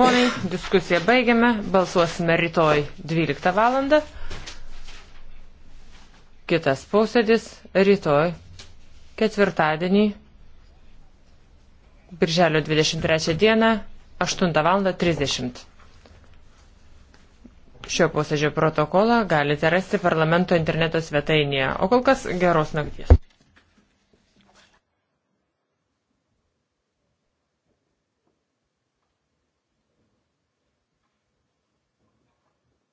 Ponai, diskusiją baigiame, balsuosime rytoj 12 val. Kitas posėdis rytoj, ketvirtadienį, birželio 23 dieną, 8 val. 30. Šio posėdžio protokolą galite rasti parlamento interneto svetainėje. O kol kas geros nakties.